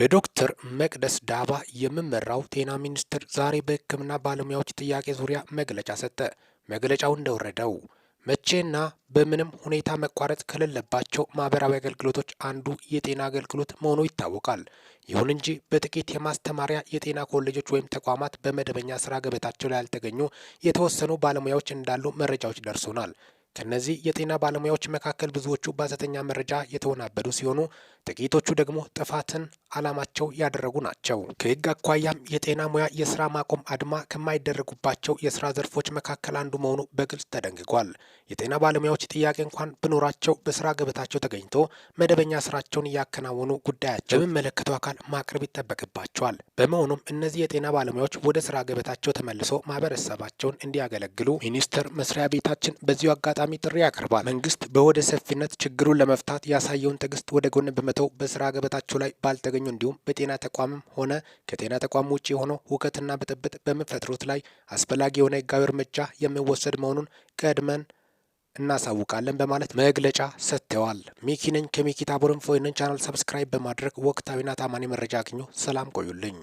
በዶክተር መቅደስ ዳባ የሚመራው ጤና ሚኒስቴር ዛሬ በሕክምና ባለሙያዎች ጥያቄ ዙሪያ መግለጫ ሰጠ። መግለጫው እንደወረደው መቼና በምንም ሁኔታ መቋረጥ ከሌለባቸው ማህበራዊ አገልግሎቶች አንዱ የጤና አገልግሎት መሆኑ ይታወቃል። ይሁን እንጂ በጥቂት የማስተማሪያ የጤና ኮሌጆች ወይም ተቋማት በመደበኛ ስራ ገበታቸው ላይ ያልተገኙ የተወሰኑ ባለሙያዎች እንዳሉ መረጃዎች ደርሶናል። ከነዚህ የጤና ባለሙያዎች መካከል ብዙዎቹ በሐሰተኛ መረጃ የተወናበዱ ሲሆኑ፣ ጥቂቶቹ ደግሞ ጥፋትን ዓላማቸው ያደረጉ ናቸው። ከህግ አኳያም የጤና ሙያ የስራ ማቆም አድማ ከማይደረጉባቸው የስራ ዘርፎች መካከል አንዱ መሆኑ በግልጽ ተደንግጓል። የጤና ባለሙያዎች ጥያቄ እንኳን ብኖራቸው በስራ ገበታቸው ተገኝቶ መደበኛ ስራቸውን እያከናወኑ ጉዳያቸው የሚመለከተው አካል ማቅረብ ይጠበቅባቸዋል። በመሆኑም እነዚህ የጤና ባለሙያዎች ወደ ስራ ገበታቸው ተመልሶ ማህበረሰባቸውን እንዲያገለግሉ ሚኒስቴር መስሪያ ቤታችን በዚሁ አጋጣሚ ጥሪ ያቀርባል። መንግስት በወደ ሰፊነት ችግሩን ለመፍታት ያሳየውን ትዕግስት ወደ ጎን በመተው በስራ ገበታቸው ላይ ባልተገኙ እንዲሁም በጤና ተቋምም ሆነ ከጤና ተቋም ውጭ የሆነው ሁከትና ብጥብጥ በሚፈጥሩት ላይ አስፈላጊ የሆነ ህጋዊ እርምጃ የሚወሰድ መሆኑን ቀድመን እናሳውቃለን በማለት መግለጫ ሰጥተዋል። ሚኪ ነኝ ከሚኪ ቻናል ሰብስክራይብ በማድረግ ወቅታዊና ታማኒ መረጃ አግኙ። ሰላም ቆዩልኝ።